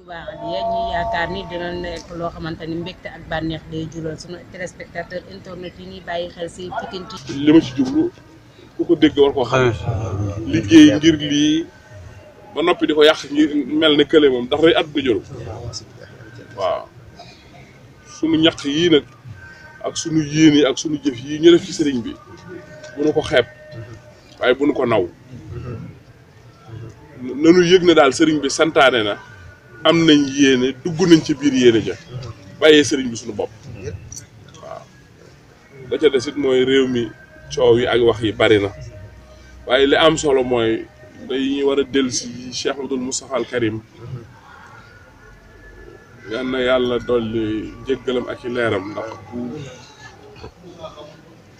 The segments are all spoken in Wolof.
Touba Aliya ñuy loo xamante ni mbégte ak bànneex day jural sunu téléspectateur internet yi ñuy bàyyi xel si Pikine ci li ma ci jublu ku ko dégg war ko xamee liggéey ngir lii ba noppi di ko yàq ngir mel ni kële moom ndax day at du jëlu waaw sunu ñaq yii nag ak sunu yéen yi ak sunu jëf yii ñu def ci sëriñ bi bu nu ko xeeb waaye bu nu ko naw nanu yëg na daal sëriñ bi santaane na am nañ yéene dugg nañ ci biir yéene ja bàyyee sëriñ bi suñu bopp waaw la ca desit mooy réew mi coow yi ak wax yi bari na waaye li am solo mooy dañuy war a dellusi Cheikh Abdoul Moustapha al Karim yal na yàlla dolli njëggalam ak i leeram ndax ku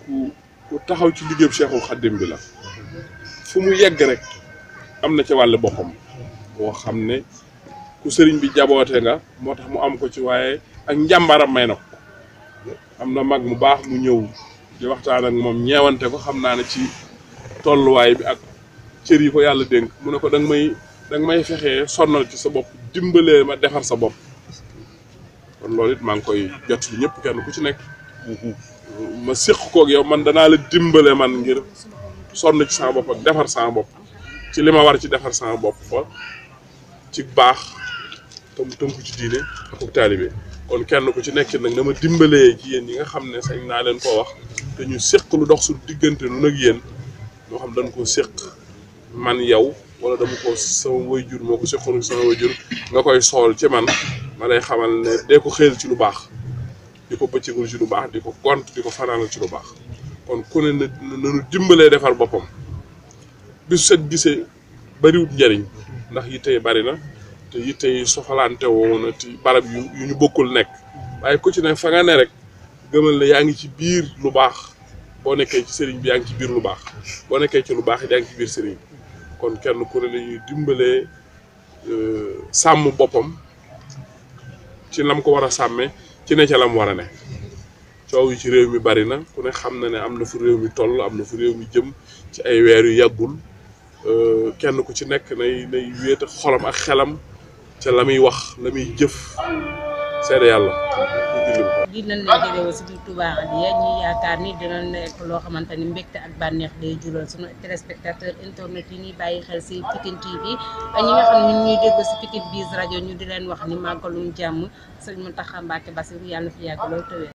ku ku taxaw ci liggéeyam Cheikhul Xaddim bi la fu mu yegg rek am na ca wàll boppam boo xam ne ku sëriñ bi jaboote nga moo tax mu am ko ci waaye ak njàmbaram may na ko am na mag mu baax mu ñëw di waxtaan ak moom ñeewante ko xam naa ne ci tolluwaay bi ak cër yi ko yàlla dénk mu ne ko danga may danga may fexee sonnal ci sa bopp dimbalee ma defar sa bopp kon loolu it maa ngi koy jot li ñëpp kenn ku ci nekk ma séq koog yow man danaa la dimbale man ngir sonn ci sa bopp ak defar sama bopp ci li ma war ci defar sama bopp ci baax mu tënku ci diine ak ak taalibe kon kenn ku ci nekk nag na ma dimbalee ci yéen yi nga xam ne sañ naa leen koo wax te ñu séq lu dox su diggante nu nag yéen ñoo xam dañ koo séq man yow wala dama ko sama wayjur moo ko séqoon ak sama wayjur nga koy sool ci man ma lay xamal ne dee ko xëyal ci lu baax di ko bëccëgul ci lu baax di ko gont di ko fanaanal ci lu baax kon ku ne na nu dimbalee defar boppam bi set gisee bariwut njariñ ndax yi tey bari na te yitte yi soxalante woo na ci barab yu ñu bokkul nekk waaye ku ci ne fa nga ne rek gëmal na yaa ngi ci biir lu baax boo nekkee ci sëriñ bi yaa ngi ci biir lu baax boo nekkee ci lu baax it yaa ngi ci biir sëriñ kon kenn ku ne lañuy dimbalee euh, sàmm boppam ci lam ko war a sàmmee ci ne ca lam war a ne coow yi ci réew mi bari na ku ne xam na ne am na fu réew mi toll am na fu réew mi jëm ci ay weer yu yàggul euh, kenn ku ci nekk nay nay xolam ak xelam ca la muy wax la muy jëf seede yàlla. di lan lay jëlee si biir Touba yaakaar ni dina nekk loo xamante ni mbégte ak bànneex day jural sunu téléspectateur internet yi ñuy bàyyi xel si Pikine bi ñi nga xam ne ñun ñuy dégg si Pikine Biz rajo ñu di leen wax ni màggalum jàmm sëñ Mountakha Mbacké Bassirou yàlla na fi yàgg lool tëwee.